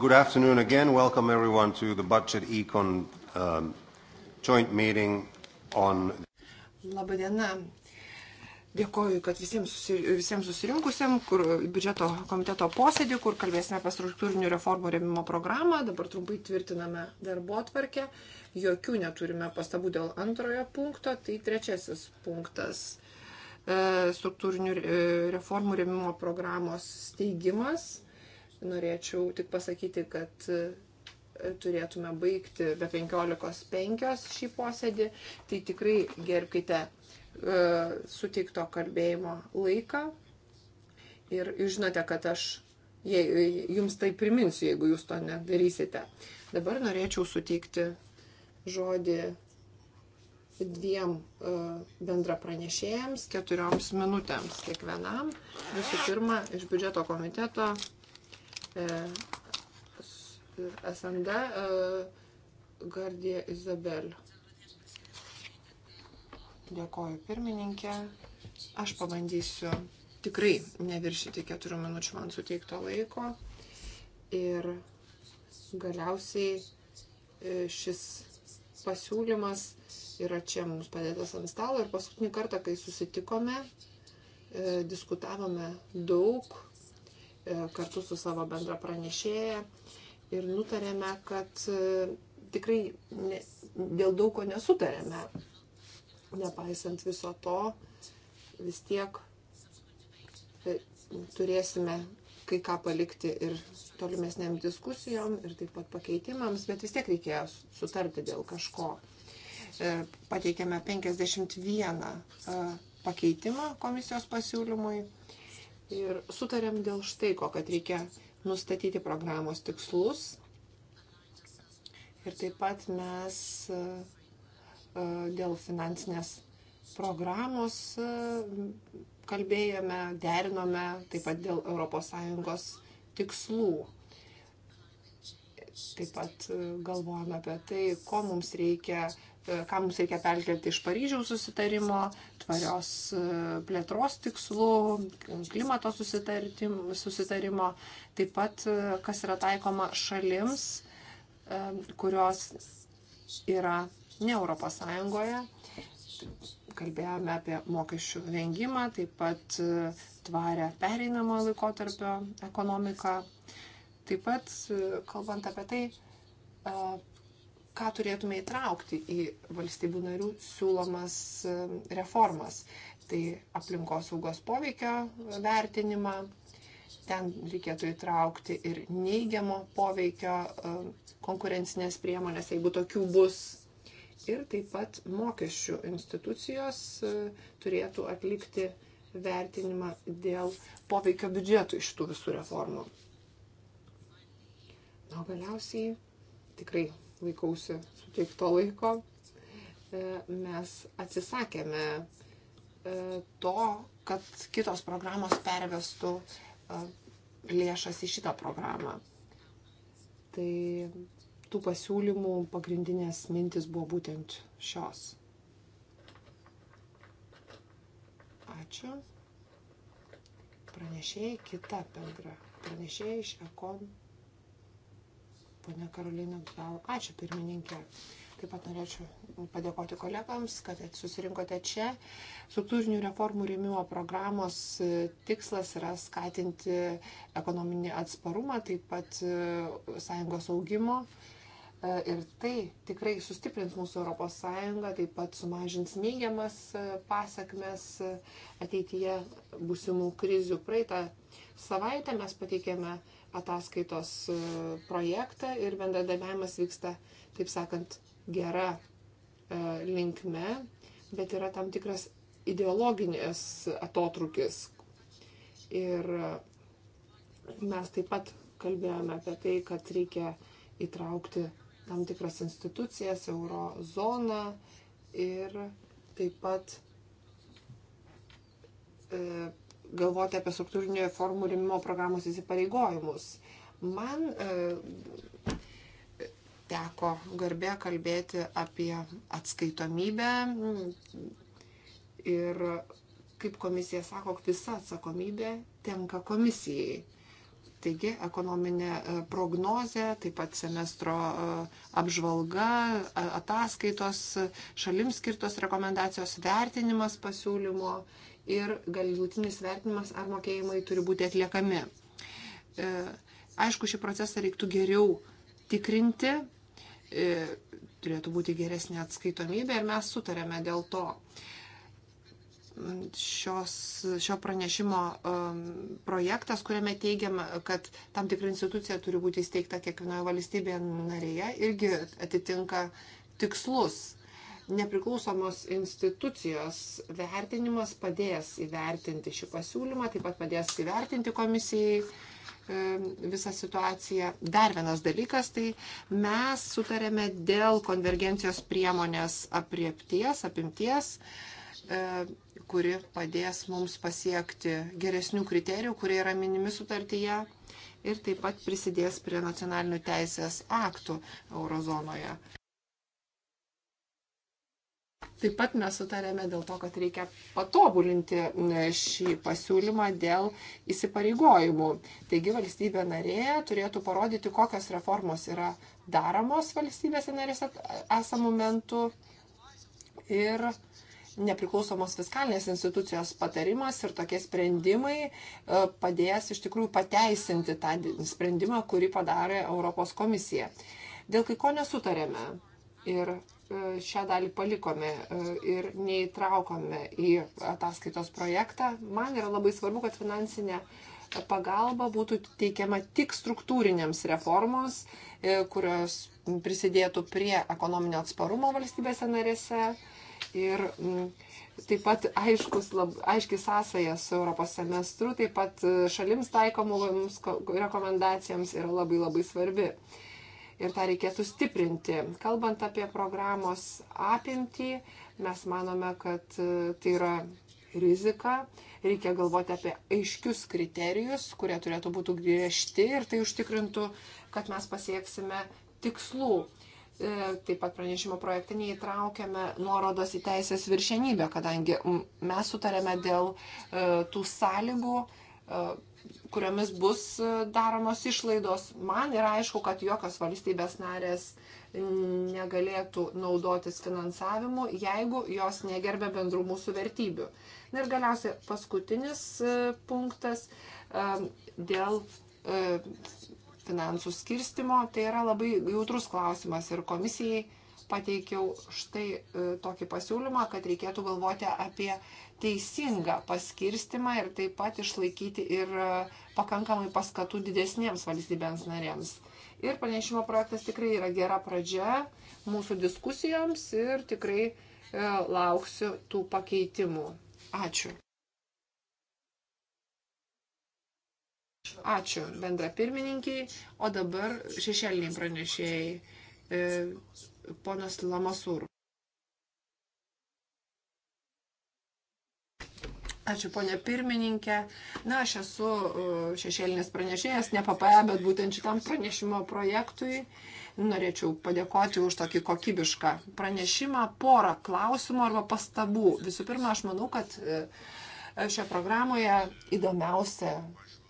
good afternoon again. Welcome everyone to the Budget Econ um, joint meeting on. Labadiena. Dėkoju, kad visiems, susi, visiems susirinkusiem, kur biudžeto komiteto posėdį, kur kalbėsime apie struktūrinių reformų remimo programą. Dabar trumpai tvirtiname darbo atvarkę. Jokių neturime pastabų dėl antrojo punkto. Tai trečiasis punktas e, - struktūrinių e, reformų remimo programos steigimas norėčiau tik pasakyti, kad e, turėtume baigti be 15.05 šį posėdį, tai tikrai gerbkite e, suteikto kalbėjimo laiką. Ir žinote, kad aš jei, jums tai priminsiu, jeigu jūs to nedarysite. Dabar norėčiau suteikti žodį dviem e, bendra pranešėjams, keturioms minutėms kiekvienam. Visų pirma, iš biudžeto komiteto E, SND e, Gardija Izabel. Dėkoju pirmininkė. Aš pabandysiu tikrai neviršyti keturių minučių man suteikto laiko. Ir galiausiai e, šis pasiūlymas yra čia mums padėtas ant stalo. Ir paskutinį kartą, kai susitikome, diskutavome daug E, kartu su savo bendra pranešėja ir nutarėme, kad e, tikrai ne, dėl daug ko nesutarėme. Nepaisant viso to, vis tiek e, turėsime kai ką palikti ir tolimesniam diskusijom, ir taip pat pakeitimams, bet vis tiek reikėjo sutarti dėl kažko. Pateikėme 51 pakeitimą komisijos pasiūlymui ir sutarėm dėl štai ko, kad reikia nustatyti programos tikslus. Ir taip pat mes e, dėl finansinės programos e, kalbėjome, derinome taip pat dėl ES tikslų. Taip pat e, galvojame apie tai, ko mums reikia, ką mums reikia perkelti iš Paryžiaus susitarimo, tvarios e, plėtros tikslų, klimato susitarimo, taip pat e, kas yra taikoma šalims, e, kurios yra ne Europos Sąjungoje. Kalbėjome apie mokesčių vengimą, taip pat tvarę pereinamo laikotarpio ekonomiką. Taip pat, kalbant apie tai, ką turėtume įtraukti į valstybių narių siūlomas e, reformas. Tai aplinkosaugos poveikio vertinimą, ten reikėtų įtraukti ir neigiamo poveikio e, konkurencinės priemonės, jeigu tokių bus. Ir taip pat mokesčių institucijos e, turėtų atlikti vertinimą dėl poveikio biudžetų iš tų visų reformų. Na, galiausiai tikrai laikausi suteikto laiko. E, mes atsisakėme e, to, kad kitos programos pervestų e, lėšas į šitą programą. Tai tų pasiūlymų pagrindinės mintis buvo būtent šios. Ačiū. Pranešėjai kita bendra. Pranešėjai iš Ekon Pone Karolina, gal ačiū pirmininkė. Taip pat norėčiau padėkoti kolegams, kad susirinkote čia. Struktūrinių reformų rėmimo programos e, tikslas yra skatinti ekonominį atsparumą, taip pat e, sąjungos augimo. E, ir tai tikrai sustiprins mūsų ES, taip pat sumažins neigiamas pasakmes ateityje būsimų krizių. Praeitą savaitę mes pateikėme uh, ataskaitos e, projektą ir bendradarbiavimas vyksta, taip sakant, gera e, linkme, bet yra tam tikras ideologinės atotrukis. Ir e, mes taip pat kalbėjome apie tai, kad reikia įtraukti tam tikras institucijas, eurozoną ir taip pat e, galvoti apie struktūrinio reformų rimimo programos įsipareigojimus. Man e, teko garbė kalbėti apie atskaitomybę ir kaip komisija sako, visa atsakomybė tenka komisijai. Taigi ekonominė e, prognozė, taip pat semestro e, apžvalga, ataskaitos, šalims skirtos rekomendacijos, vertinimas pasiūlymo ir galutinis vertinimas, ar mokėjimai turi būti atliekami. E, aišku, šį procesą reiktų geriau tikrinti, e, turėtų būti geresnė atskaitomybė ir mes sutarėme dėl to. Šios, šio pranešimo um, projektas, kuriame teigiama, kad tam tikra institucija turi būti įsteigta kiekvienoje valstybėje narėje, irgi atitinka tikslus nepriklausomos institucijos vertinimas padės įvertinti šį pasiūlymą, taip pat padės įvertinti komisijai e, visą situaciją. Dar vienas dalykas, tai mes sutarėme dėl konvergencijos priemonės apriepties, apimties, e, kuri padės mums pasiekti geresnių kriterijų, kurie yra minimi sutartyje ir taip pat prisidės prie nacionalinių teisės aktų eurozonoje. Taip pat mes sutarėme dėl to, kad reikia patobulinti e, šį pasiūlymą dėl įsipareigojimų. Taigi valstybė narė turėtų parodyti, kokios reformos yra daromos valstybėse narėse esamų momentų ir nepriklausomos fiskalinės institucijos patarimas ir tokie sprendimai e, padės iš tikrųjų pateisinti tą sprendimą, kurį padarė Europos komisija. Dėl kai ko nesutarėme ir E, šią dalį palikome e, ir neįtraukome į ataskaitos projektą. Man yra labai svarbu, kad finansinė pagalba būtų teikiama tik struktūrinėms reformos, e, kurios prisidėtų prie ekonominio atsparumo valstybėse narėse ir taip pat aiškus, lab, aiški sąsaja su Europos semestru, taip pat šalims taikomoms rekomendacijams yra labai labai svarbi ir tą reikėtų stiprinti. Kalbant apie programos apimtį, mes manome, kad e, tai yra rizika. Reikia galvoti apie aiškius kriterijus, kurie turėtų būti griežti ir tai užtikrintų, kad mes pasieksime tikslų. E, taip pat pranešimo projekte neįtraukėme nuorodos į teisės viršenybę, kadangi mes sutarėme dėl e, tų sąlygų, kuriomis bus e, daromos išlaidos. Man yra aišku, kad jokios valstybės narės negalėtų naudotis finansavimu, jeigu jos negerbė bendrų mūsų vertybių. Na ir galiausiai paskutinis e, punktas e, dėl finansų skirstimo. Tai yra labai jautrus klausimas ir komisijai pateikiau štai e, tokį pasiūlymą, kad reikėtų galvoti apie teisingą paskirstimą ir taip pat išlaikyti ir e, pakankamai paskatų didesniems valstybėms narėms. Ir pranešimo projektas tikrai yra gera pradžia mūsų diskusijoms ir tikrai e, lauksiu tų pakeitimų. Ačiū. Ačiū bendra pirmininkiai, o dabar šešėliniai pranešėjai. E, ponas Lamasur. Ačiū, ponė pirmininkė. Na, aš esu e, šešėlinis pranešėjas, ne PPE, bet būtent šitam pranešimo projektui. Norėčiau padėkoti už tokį kokybišką pranešimą. Porą klausimų arba pastabų. Visų pirma, aš manau, kad e, šioje programoje įdomiausia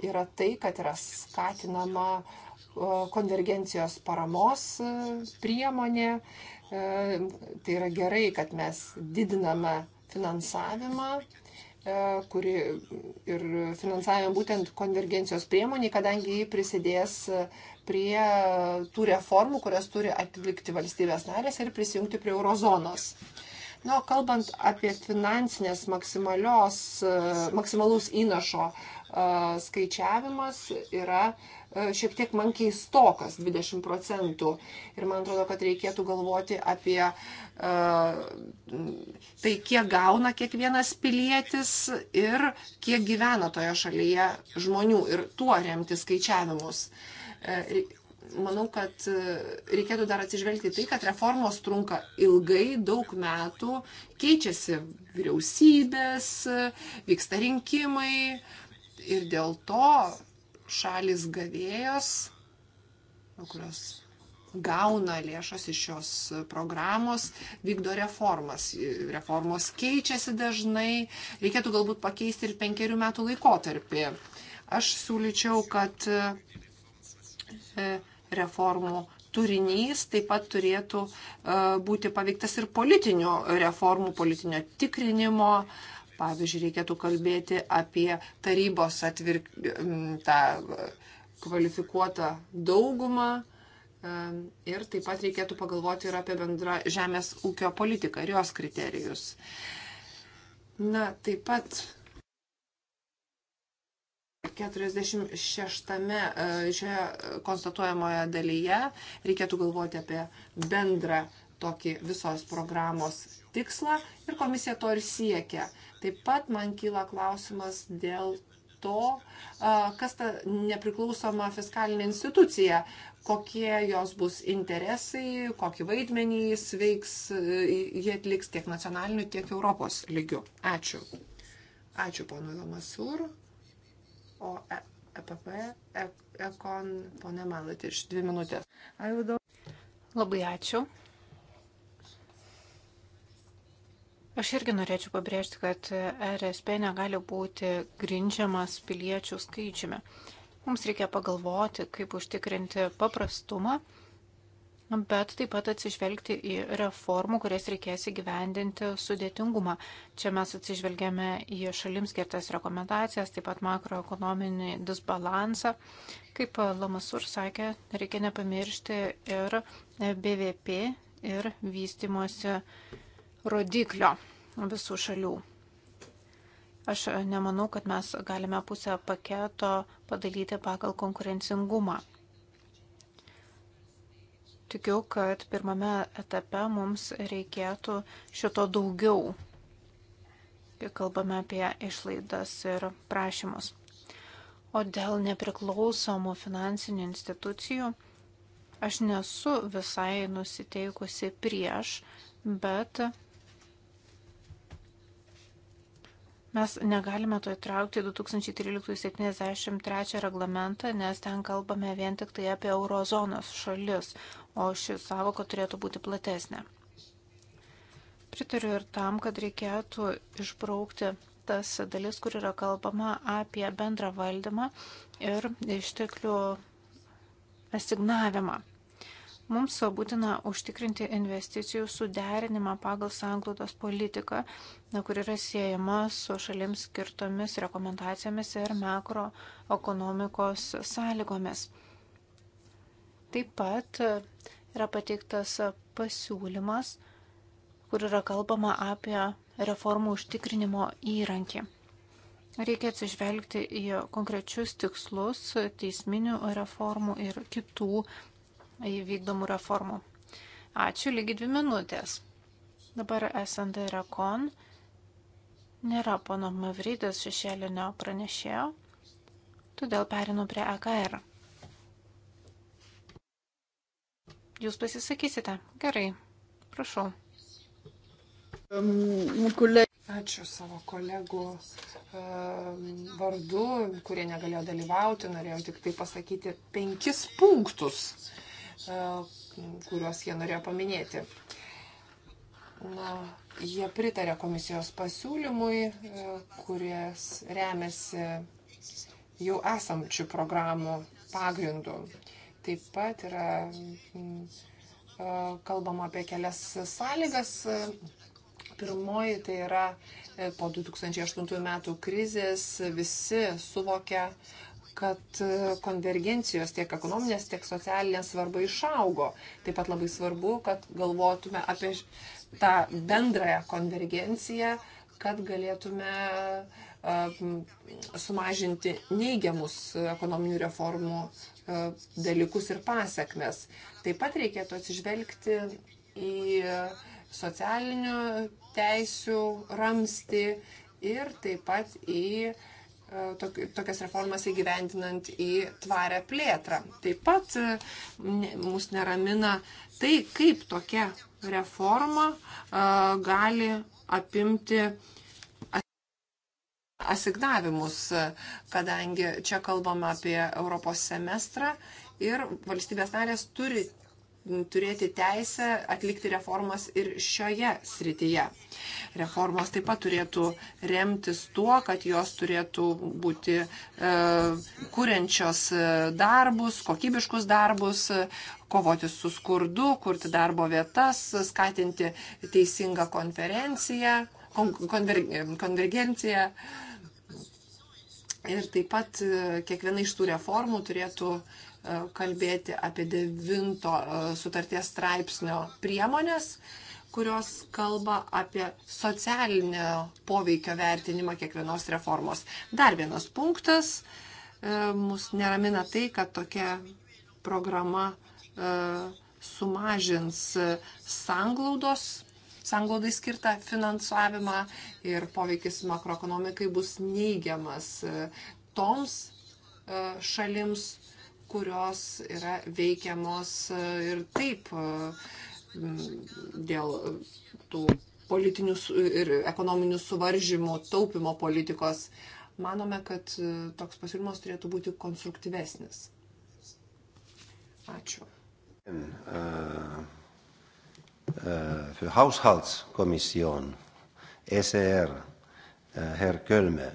yra tai, kad yra skatinama uh, konvergencijos paramos e, priemonė. E, tai yra gerai, kad mes didiname finansavimą e, kuri ir finansavimą būtent konvergencijos priemoniai, kadangi jį prisidės prie tų reformų, kurias turi atlikti valstybės narės ir prisijungti prie eurozonos. Nu, kalbant apie finansinės e, maksimalaus įnašo e, skaičiavimas yra e, šiek tiek man keistokas 20 procentų. Ir man atrodo, kad reikėtų galvoti apie tai, kiek gauna kiekvienas pilietis ir kiek gyvena toje šalyje žmonių ir tuo remti skaičiavimus manau, kad e, reikėtų dar atsižvelgti tai, kad reformos trunka ilgai, daug metų, keičiasi vyriausybės, vyksta rinkimai ir dėl to šalis gavėjos, nu, kurios gauna lėšas iš šios programos, vykdo reformas. Reformos keičiasi dažnai, reikėtų galbūt pakeisti ir penkerių metų laikotarpį. Aš siūlyčiau, kad e, reformų turinys taip pat turėtų e, būti paveiktas ir politinių reformų, politinio tikrinimo. Pavyzdžiui, reikėtų kalbėti apie tarybos atvirk... tą kvalifikuotą daugumą. E, ir taip pat reikėtų pagalvoti ir apie bendrą žemės ūkio politiką ir jos kriterijus. Na, taip pat 46-ame e, šioje konstatuojamoje dalyje reikėtų galvoti apie bendrą tokį visos programos tikslą ir komisija to ir siekia. Taip pat man kyla klausimas dėl to, e, kas ta nepriklausoma fiskalinė institucija, kokie jos bus interesai, kokį vaidmenį jis veiks, e, jie atliks tiek nacionaliniu, tiek Europos lygiu. Ačiū. Ačiū, ponui Lamasūru o EPP, e e, EKON, ponė Malat, iš dvi minutės. Labai ačiū. Aš irgi norėčiau pabrėžti, kad e RSP negali būti grindžiamas piliečių skaičiumi. Mums reikia pagalvoti, kaip užtikrinti paprastumą bet taip pat atsižvelgti į reformų, kurias reikės įgyvendinti sudėtingumą. Čia mes atsižvelgėme į šalims skirtas rekomendacijas, taip pat makroekonominį disbalansą. Kaip Lamasur sakė, reikia nepamiršti ir BVP ir vystimosi rodiklio visų šalių. Aš nemanau, kad mes galime pusę paketo padalyti pagal konkurencingumą. Tikiu, kad pirmame etape mums reikėtų šito daugiau, kai kalbame apie išlaidas ir prašymus. O dėl nepriklausomų finansinių institucijų, aš nesu visai nusiteikusi prieš, bet Mes negalime to įtraukti 2013-73 reglamentą, nes ten kalbame vien tik tai apie eurozonos šalis, o ši savoka turėtų būti platesnė. Pritariu ir tam, kad reikėtų išbraukti tas dalis, kur yra kalbama apie bendrą valdymą ir išteklių asignavimą. Mums būtina užtikrinti investicijų suderinimą pagal sanglaudos politiką, kur yra siejama su šalims skirtomis rekomendacijomis ir makroekonomikos sąlygomis. Taip pat e, yra pateiktas e, pasiūlymas, kur yra kalbama apie reformų užtikrinimo įrankį. Reikia atsižvelgti į konkrečius tikslus teisminių reformų ir kitų įvykdomų reformų. Ačiū, lygiai dvi minutės. Dabar SND Rekon nėra pono Mavrydės šešėlinio pranešėjo, todėl perinu prie AKR. E Jūs pasisakysite? Gerai, prašau. Ačiū savo kolegų ehm, vardu, kurie negalėjo dalyvauti. Norėjau tik tai pasakyti penkis punktus, ehm, kuriuos jie norėjo paminėti. Na, jie pritarė komisijos pasiūlymui, e, kuris remiasi jau esamčių programų pagrindu. Uh, Taip pat yra mm, kalbama apie kelias sąlygas. Pirmoji tai yra e, po 2008 metų krizės visi suvokia, kad e, konvergencijos tiek ekonominės, tiek socialinės svarba išaugo. Taip pat labai svarbu, kad galvotume apie tą bendrąją konvergenciją, kad galėtume sumažinti neigiamus e, ekonominių reformų E, dalykus ir pasiekmes. Taip pat reikėtų atsižvelgti į socialinių teisių ramsti ir taip pat į e, tokias reformas įgyvendinant į tvarę plėtrą. Taip pat e, mus neramina tai, kaip tokia reforma gali apimti uh, asignavimus, kadangi čia kalbama apie Europos semestrą ir valstybės narės turi turėti teisę atlikti reformas ir šioje srityje. Reformos taip pat turėtų remtis tuo, kad jos turėtų būti e, kuriančios e, darbus, kokybiškus darbus, kovoti su skurdu, kurti darbo vietas, skatinti teisingą konferenciją, kon, konver, konvergenciją. E, Ir taip pat e, kiekviena iš tų reformų turėtų e, kalbėti apie devinto e, sutarties straipsnio priemonės, kurios kalba apie socialinio poveikio vertinimą kiekvienos reformos. Dar vienas punktas. Mus neramina tai, kad tokia programa sumažins sanglaudos sanglaudai skirtą finansavimą ir poveikis makroekonomikai bus neigiamas e, toms e, šalims, kurios yra veikiamos e, ir taip dėl tų politinių ir ekonominių suvaržymų, taupimo politikos. Manome, kad toks pasiūlymas turėtų būti konstruktyvesnis. Ačiū. And, uh... Eh, för Haushaltskommission, ECR, eh, herr Kölme,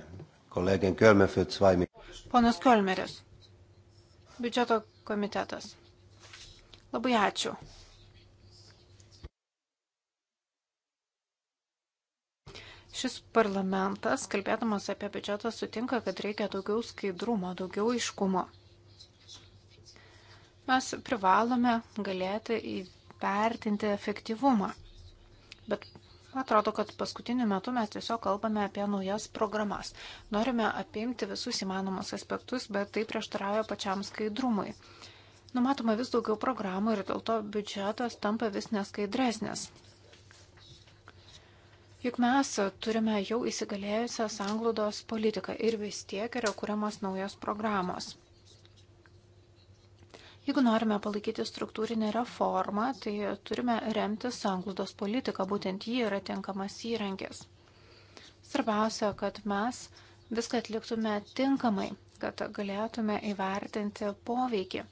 kollegin Kölme för två minuter. Ponas Kölmeris, biudžeto komitetas. Labai ačiū. Šis parlamentas, kalbėdamas apie biudžetą, sutinka, kad reikia daugiau skaidrumo, daugiau aiškumo. Mes privalome galėti vertinti efektyvumą. Bet atrodo, kad paskutiniu metu mes tiesiog kalbame apie naujas programas. Norime apimti visus įmanomus aspektus, bet tai prieštarauja pačiam skaidrumui. Numatoma vis daugiau programų ir dėl to biudžetas tampa vis neskaidresnis. Juk mes turime jau įsigalėjusią sanglaudos politiką ir vis tiek yra kuriamas naujos programos. Jeigu norime palaikyti struktūrinę reformą, tai turime remtis sanglaudos politiką, būtent ji yra tinkamas įrankis. Svarbiausia, kad mes viską atliktume tinkamai, kad galėtume įvertinti poveikį.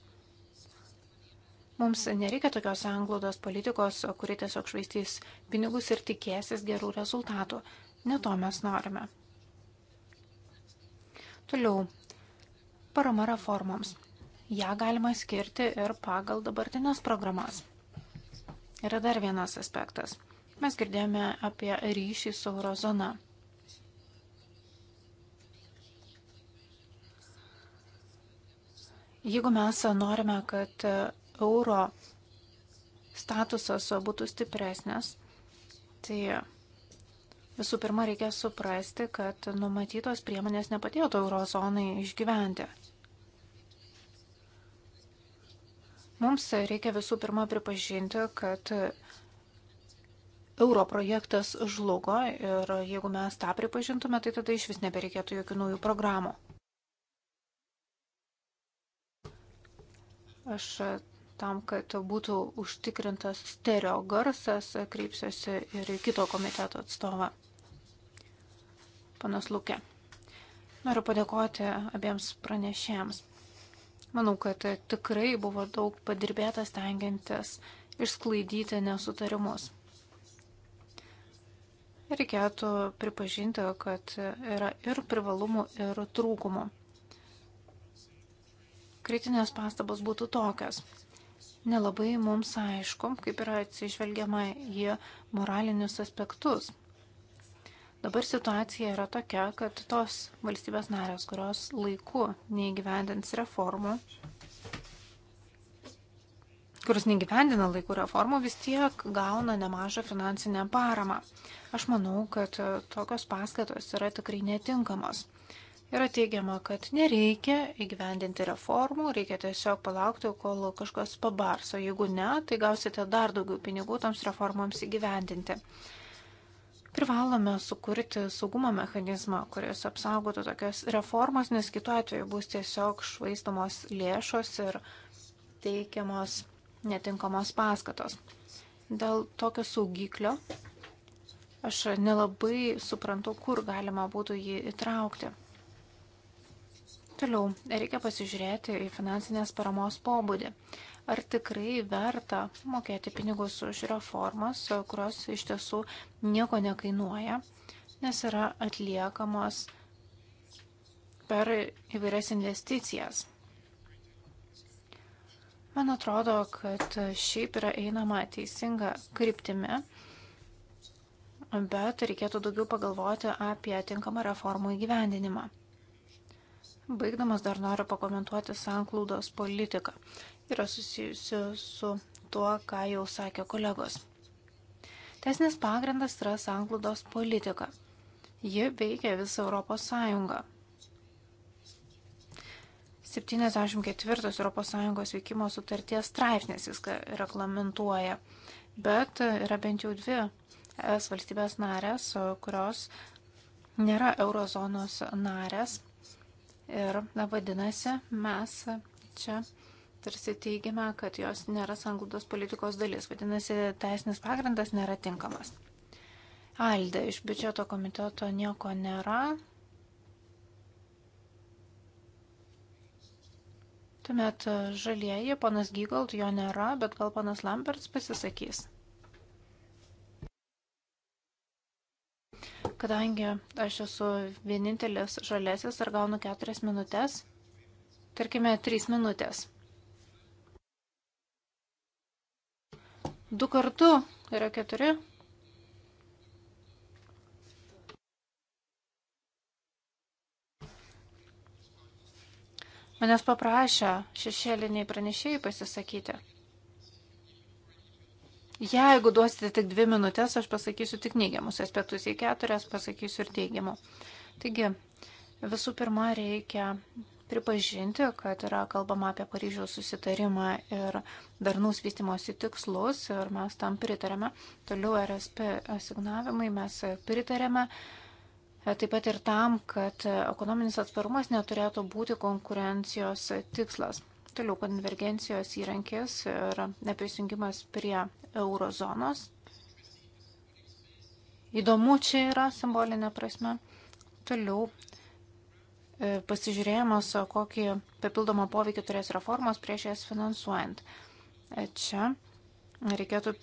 Mums nereikia tokios sanglaudos politikos, kuri tiesiog švaistys pinigus ir tikėsis gerų rezultatų. Ne to mes norime. Toliau. Parama reformoms ją galima skirti ir pagal dabartinės programas. Yra dar vienas aspektas. Mes girdėjome apie ryšį su eurozona. Jeigu mes norime, kad euro statusas būtų stipresnis, tai visų pirma reikia suprasti, kad numatytos priemonės nepadėtų eurozonai išgyventi. Mums reikia visų pirma pripažinti, kad euro projektas žlugo ir jeigu mes tą pripažintume, tai tada iš vis nebereikėtų jokių naujų programų. Aš tam, kad būtų užtikrintas stereo garsas, kreipsiuosi ir į kito komiteto atstovą. Panas Lukė. Noriu padėkoti abiems pranešėjams. Manau, kad tikrai buvo daug padirbėta stengiantis išsklaidyti nesutarimus. Reikėtų pripažinti, kad yra ir privalumų, ir trūkumų. Kritinės pastabos būtų tokios. Nelabai mums aišku, kaip yra atsižvelgiama į moralinius aspektus Dabar situacija yra tokia, kad tos valstybės narės, kurios laiku neįgyvendins reformų, kuris neįgyvendina laikų reformų, vis tiek gauna nemažą finansinę paramą. Aš manau, kad tokios paskatos yra tikrai netinkamos. Yra teigiama, kad nereikia įgyvendinti reformų, reikia tiesiog palaukti, kol kažkas pabarso. Jeigu ne, tai gausite dar daugiau pinigų toms reformoms įgyvendinti. Privalome sukurti saugumo mechanizmą, kuris apsaugotų tokias reformas, nes kitu atveju bus tiesiog švaistamos lėšos ir teikiamos netinkamos paskatos. Dėl tokio saugiklio aš nelabai suprantu, kur galima būtų jį įtraukti. Toliau reikia pasižiūrėti į finansinės paramos pobūdį ar tikrai verta mokėti pinigus už reformas, kurios iš tiesų nieko nekainuoja, nes yra atliekamos per įvairias investicijas. Man atrodo, kad šiaip yra einama teisinga kryptimi, bet reikėtų daugiau pagalvoti apie tinkamą reformų įgyvendinimą. Baigdamas dar noriu pakomentuoti sanklaudos politiką yra susijusi su tuo, ką jau sakė kolegos. Tesnis pagrindas yra sanglaudos politika. Ji veikia visą Europos Sąjungą. 74 Europos Sąjungos veikimo sutarties straipsnis viską reglamentuoja, bet yra bent jau dvi es valstybės narės, kurios nėra eurozonos narės ir na, vadinasi, mes čia tarsi teigiame, kad jos nėra sanglaudos politikos dalis, vadinasi, teisinis pagrindas nėra tinkamas. Alde iš biudžeto komiteto nieko nėra. Tuomet žalieji, panas Gygalt jo nėra, bet gal panas Lamberts pasisakys. Kadangi aš esu vienintelis žalesis ir gaunu keturias minutės, tarkime, trys minutės. Du kartu yra keturi. Manęs paprašė šešėliniai pranešėjai pasisakyti. Jeigu duosite tik dvi minutės, aš pasakysiu tik neigiamus aspektus, jei keturias pasakysiu ir teigiamų. Taigi, visų pirma, reikia pripažinti, kad yra kalbama apie Paryžiaus susitarimą ir darnaus vystimosi tikslus ir mes tam pritarėme. Toliau RSP asignavimai mes pritarėme. Taip pat ir tam, kad ekonominis atsparumas neturėtų būti konkurencijos tikslas. Toliau konvergencijos įrankis ir neprisijungimas prie eurozonos. Įdomu čia yra simbolinė prasme. Toliau E, pasižiūrėjimas, kokį papildomą poveikį turės reformos prieš jas finansuojant. E, čia reikėtų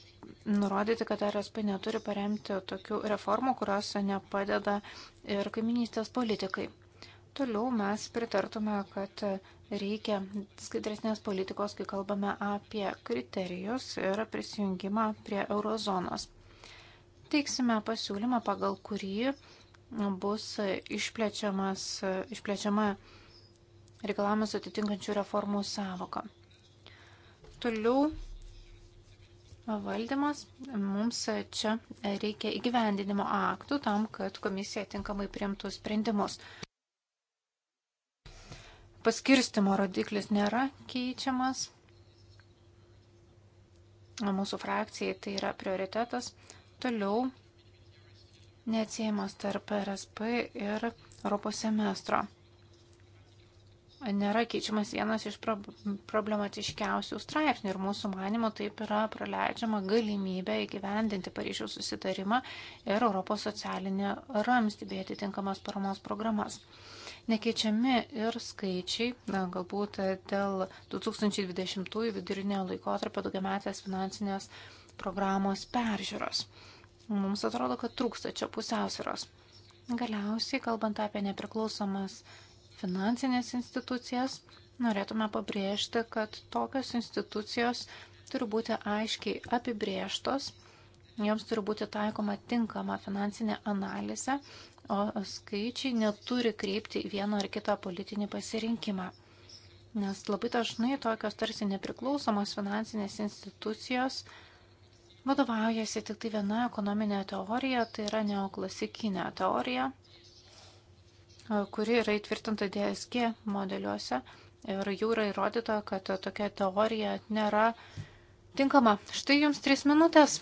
nurodyti, kad RSP neturi paremti tokių reformų, kurios nepadeda ir kaiminystės politikai. Toliau mes pritartume, kad reikia skaidresnės politikos, kai kalbame apie kriterijus ir prisijungimą prie eurozonos. Teiksime pasiūlymą, pagal kurį bus išplečiama reikalavimus atitinkančių reformų savoka. Toliau valdymas. Mums čia reikia įgyvendinimo aktų tam, kad komisija tinkamai priimtų sprendimus. Paskirstimo rodiklis nėra keičiamas. Mūsų frakcijai tai yra prioritetas. Toliau neatsiejamas tarp RSP ir Europos semestro. Nėra keičiamas vienas iš problematiškiausių straipsnių ir mūsų manimo taip yra praleidžiama galimybė įgyvendinti Paryžiaus susitarimą ir Europos socialinę ramstį bei atitinkamas paramos programas nekeičiami ir skaičiai, na, galbūt dėl 2020 vidurinio laikotarpio daugiametės finansinės programos peržiūros. Mums atrodo, kad trūksta čia pusiausvėros. Galiausiai, kalbant apie nepriklausomas finansinės institucijas, norėtume pabrėžti, kad tokios institucijos turi būti aiškiai apibrėžtos, joms turi būti taikoma tinkama finansinė analizė, o skaičiai neturi kreipti į vieną ar kitą politinį pasirinkimą. Nes labai dažnai tokios tarsi nepriklausomos finansinės institucijos vadovaujasi tik tai viena ekonominė teorija, tai yra neoklasikinė teorija, kuri yra įtvirtinta DSG modeliuose ir jau yra įrodyta, kad tokia teorija nėra tinkama. Štai jums trys minutės.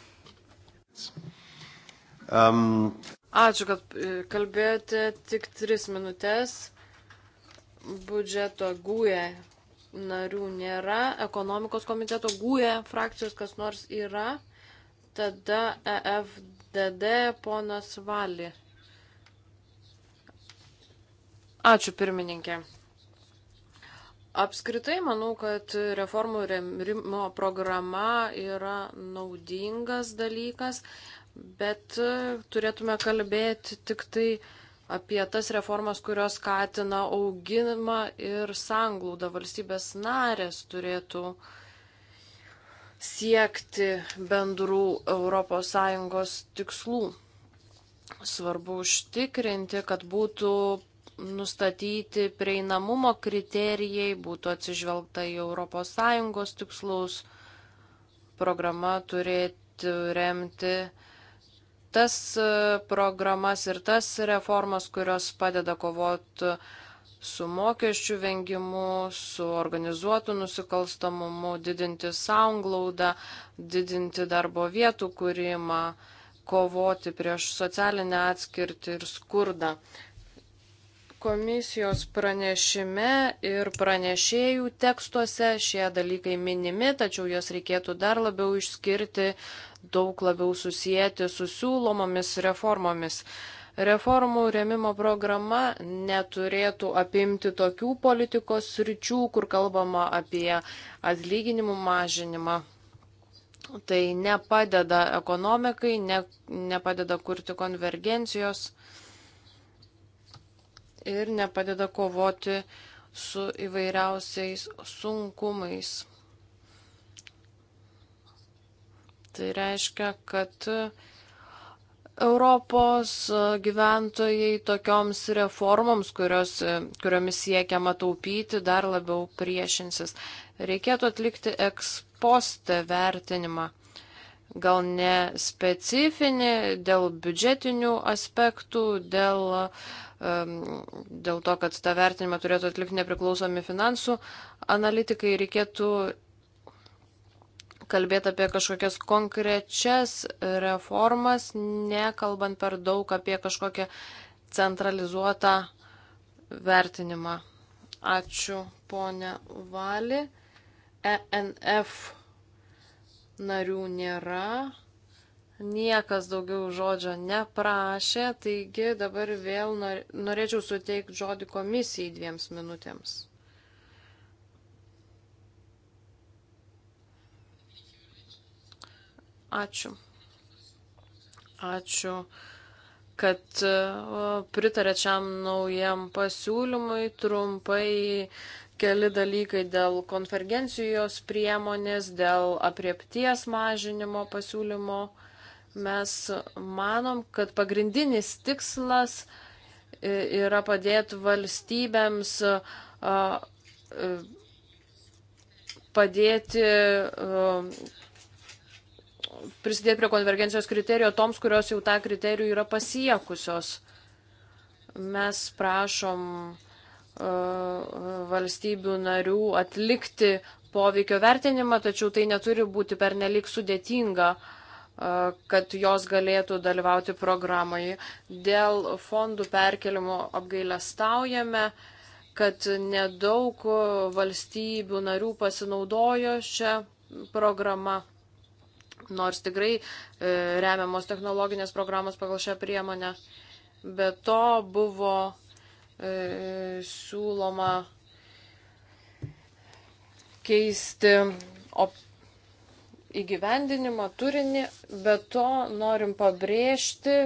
Um. Ačiū, kad kalbėjote tik tris minutės. Budžeto gūje narių nėra, ekonomikos komiteto gūje frakcijos kas nors yra. Tada EFDD ponas Vali. Ačiū pirmininkė. Apskritai manau, kad reformų remimo programa yra naudingas dalykas, bet turėtume kalbėti tik tai apie tas reformas, kurios skatina auginimą ir sanglaudą valstybės narės turėtų uh, siekti bendrų ES tikslų. Svarbu užtikrinti, kad būtų nustatyti prieinamumo kriterijai, būtų atsižvelgta į ES tikslus. Programa turėtų remti tas e, programas ir tas reformas, kurios padeda kovoti su mokesčių vengimu, su organizuotu nusikalstamumu, didinti sąnglaudą, didinti darbo vietų kūrimą, kovoti prieš socialinę atskirtį ir skurdą. Komisijos pranešime ir pranešėjų tekstuose šie dalykai minimi, tačiau juos reikėtų dar labiau išskirti, daug labiau susijęti su siūlomomis reformomis. Reformų rėmimo programa neturėtų apimti tokių politikos sričių, kur kalbama apie atlyginimų mažinimą. Tai nepadeda ekonomikai, ne, nepadeda kurti konvergencijos ir nepadeda kovoti su įvairiausiais sunkumais. Tai reiškia, kad Europos e, gyventojai tokioms reformoms, kurios, e, kuriomis siekiama taupyti, dar labiau priešinsis. Reikėtų atlikti ekspostę vertinimą. Gal ne specifinį dėl biudžetinių aspektų, dėl, e, dėl to, kad tą vertinimą turėtų atlikti nepriklausomi finansų analitikai, reikėtų kalbėti apie kažkokias konkrečias reformas, nekalbant per daug apie kažkokią centralizuotą vertinimą. Ačiū, ponė Vali. ENF narių nėra. Niekas daugiau žodžio neprašė, taigi dabar vėl norėčiau suteikti žodį komisijai dviems minutėms. Ačiū. Ačiū, kad e, pritarėt šiam naujam pasiūlymui. Trumpai keli dalykai dėl konvergencijos priemonės, dėl apriepties mažinimo pasiūlymo. Mes manom, kad pagrindinis tikslas e, yra e, padėti valstybėms padėti prisidėti prie konvergencijos kriterijų toms, kurios jau tą kriterijų yra pasiekusios. Mes prašom e, valstybių narių atlikti poveikio vertinimą, tačiau tai neturi būti pernelik sudėtinga, e, kad jos galėtų dalyvauti programai. Dėl fondų perkelimo apgailestaujame, kad nedaug valstybių narių pasinaudojo šią programą nors tikrai e, remiamos technologinės programos pagal šią priemonę. Be to buvo e, siūloma keisti op, įgyvendinimo turinį, bet to norim pabrėžti,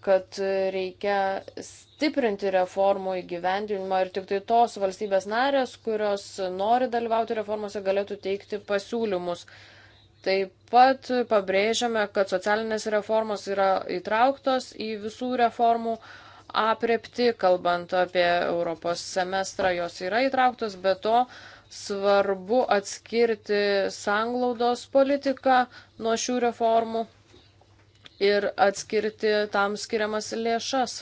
kad reikia stiprinti reformų įgyvendinimą ir tik tai tos valstybės narės, kurios nori dalyvauti reformose, galėtų teikti pasiūlymus. E, Taip pat pabrėžiame, kad socialinės reformos yra įtrauktos į visų reformų aprepti, kalbant apie Europos semestrą, jos yra įtrauktos, bet to svarbu atskirti sanglaudos politiką nuo šių reformų ir atskirti tam skiriamas lėšas.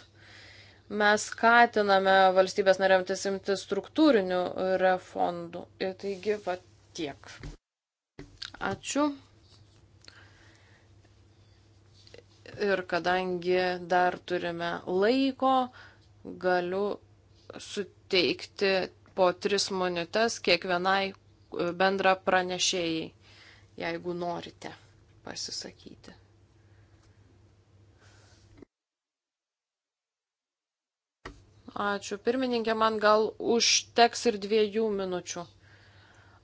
Mes skatiname valstybės narėmtis imti struktūrinių refondų. Ir taigi, va tiek. Ačiū. Ir kadangi dar turime laiko, galiu suteikti po tris minutės kiekvienai bendra pranešėjai, jeigu norite pasisakyti. Ačiū. Pirmininkė, man gal užteks ir dviejų minučių.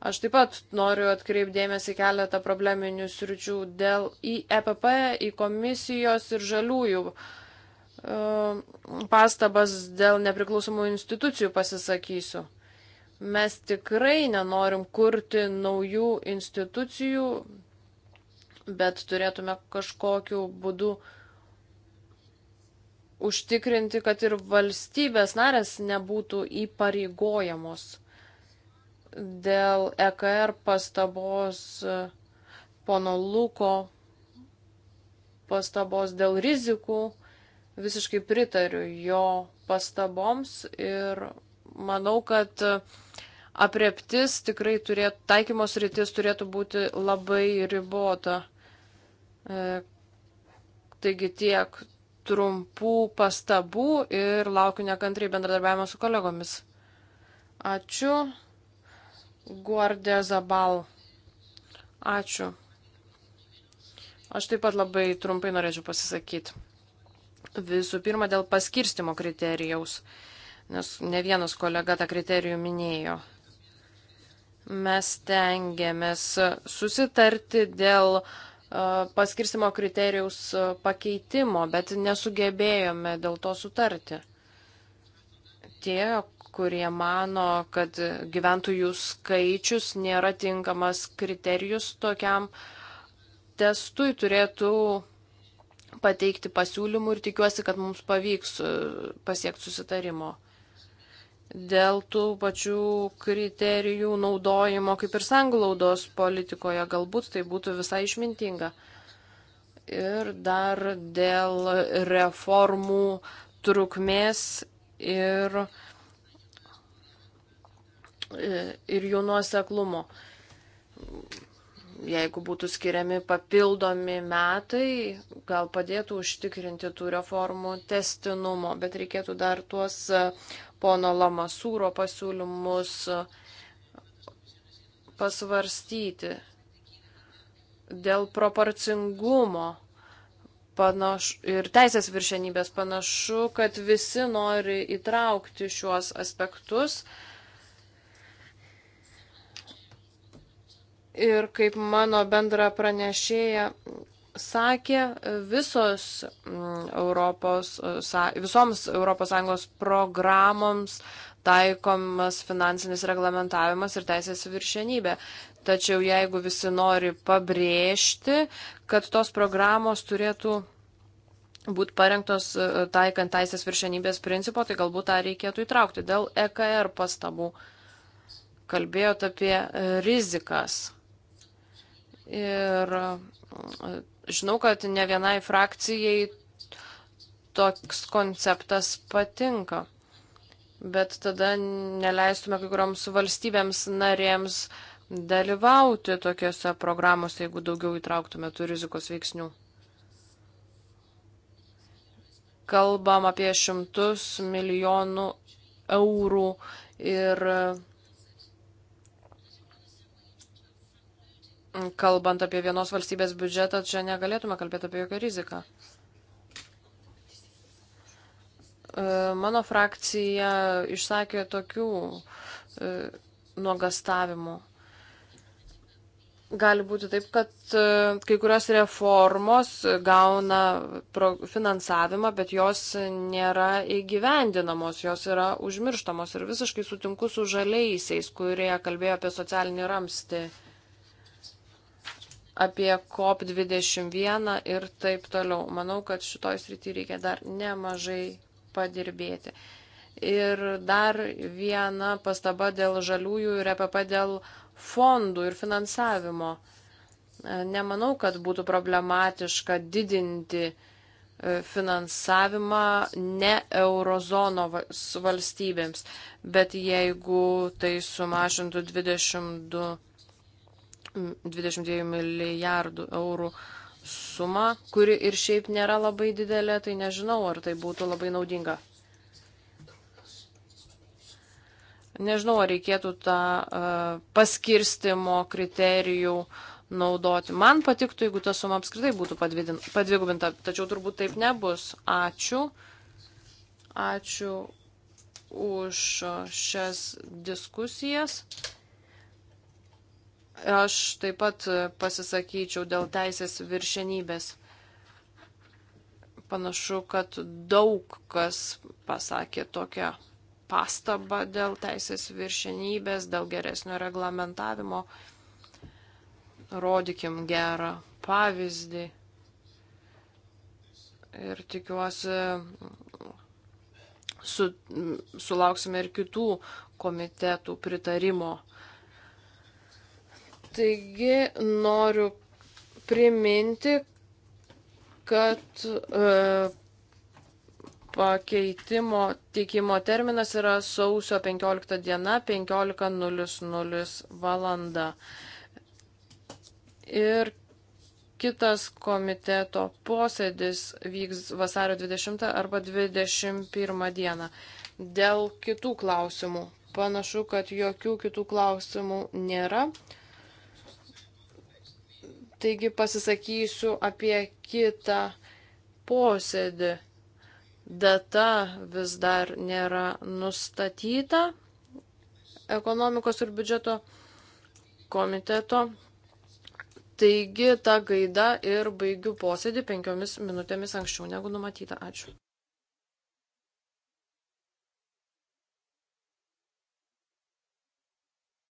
Aš taip pat noriu atkreipdėmėsi keletą probleminių sričių dėl į EPP, į komisijos ir žaliųjų e, pastabas dėl nepriklausomų institucijų pasisakysiu. Mes tikrai nenorim kurti naujų institucijų, bet turėtume kažkokiu būdu užtikrinti, kad ir valstybės narės nebūtų įpareigojamos dėl EKR pastabos pono Luko pastabos dėl rizikų, visiškai pritariu jo pastaboms ir manau, kad apreptis tikrai turėtų, taikymos rytis turėtų būti labai ribota. E, taigi tiek trumpų pastabų ir laukiu nekantriai bendradarbiavimo su kolegomis. Ačiū. Guardė Zabal. Ačiū. Aš taip pat labai trumpai norėčiau pasisakyti. Visų pirma, dėl paskirstimo kriterijaus, nes ne vienas kolega tą kriterijų minėjo. Mes tengiamės susitarti dėl e, paskirstimo kriterijaus e, pakeitimo, bet nesugebėjome dėl to sutarti. Tie, kurie mano, kad gyventojų skaičius nėra tinkamas kriterijus tokiam testui, turėtų pateikti pasiūlymų ir tikiuosi, kad mums pavyks e, pasiekti susitarimo. Dėl tų pačių kriterijų naudojimo, kaip ir sanglaudos politikoje, galbūt tai būtų visai išmintinga. Ir dar dėl reformų trukmės ir uh, E, ir jų nuoseklumo. Jeigu būtų skiriami papildomi metai, gal padėtų užtikrinti tų reformų testinumo, bet reikėtų dar tuos e, pono Lamasūro pasiūlymus e, pasvarstyti. Dėl proporcingumo panašu, ir teisės viršenybės panašu, kad visi nori įtraukti šiuos aspektus. Uh, Ir kaip mano bendra pranešėja sakė, visos mm, Europos, visoms ES programoms taikomas finansinis reglamentavimas ir teisės viršenybė. Tačiau jeigu visi nori pabrėžti, kad tos programos turėtų būti parengtos e, taikant teisės viršenybės principo, tai galbūt tą reikėtų įtraukti. Dėl EKR pastabų kalbėjot apie rizikas. Ir žinau, kad ne vienai frakcijai toks konceptas patinka. Bet tada neleistume kai kurioms valstybėms narėms dalyvauti tokiuose programuose, jeigu daugiau įtrauktume tų rizikos veiksnių. Kalbam apie šimtus milijonų eurų ir kalbant apie vienos valstybės biudžetą, čia negalėtume kalbėti apie jokią riziką. E, mano frakcija išsakė tokių e, nuogastavimų. Gali būti taip, kad e, kai kurios reformos gauna finansavimą, bet jos nėra įgyvendinamos, jos yra užmirštamos. Ir visiškai sutinku su žaliaisiais, kurie kalbėjo apie socialinį ramstį apie COP21 ir taip toliau. Manau, kad šitoj srity reikia dar nemažai padirbėti. Ir dar viena pastaba dėl žaliųjų ir EPP dėl fondų ir finansavimo. E, nemanau, kad būtų problematiška didinti e, finansavimą ne eurozono valstybėms, bet jeigu tai sumažintų 22 22 milijardų eurų sumą, kuri ir šiaip nėra labai didelė, tai nežinau, ar tai būtų labai naudinga. Nežinau, ar reikėtų tą uh, paskirstimo kriterijų naudoti. Man patiktų, jeigu ta suma apskritai būtų padvigubinta, tačiau turbūt taip nebus. Ačiū. Ačiū už šias diskusijas. Aš taip pat pasisakyčiau dėl teisės viršenybės. Panašu, kad daug kas pasakė tokią pastabą dėl teisės viršenybės, dėl geresnio reglamentavimo. Rodykim gerą pavyzdį. Ir tikiuosi, su, sulauksime ir kitų komitetų pritarimo Taigi noriu priminti, kad e, pakeitimo teikimo terminas yra sausio 15 diena 15.00 valanda. Ir kitas komiteto posėdis vyks vasario 20 arba 21 dieną. Dėl kitų klausimų. Panašu, kad jokių kitų klausimų nėra. Taigi pasisakysiu apie kitą posėdį. Data vis dar nėra nustatyta ekonomikos ir biudžeto komiteto. Taigi tą gaidą ir baigiu posėdį penkiomis minutėmis anksčiau negu numatyta. Ačiū.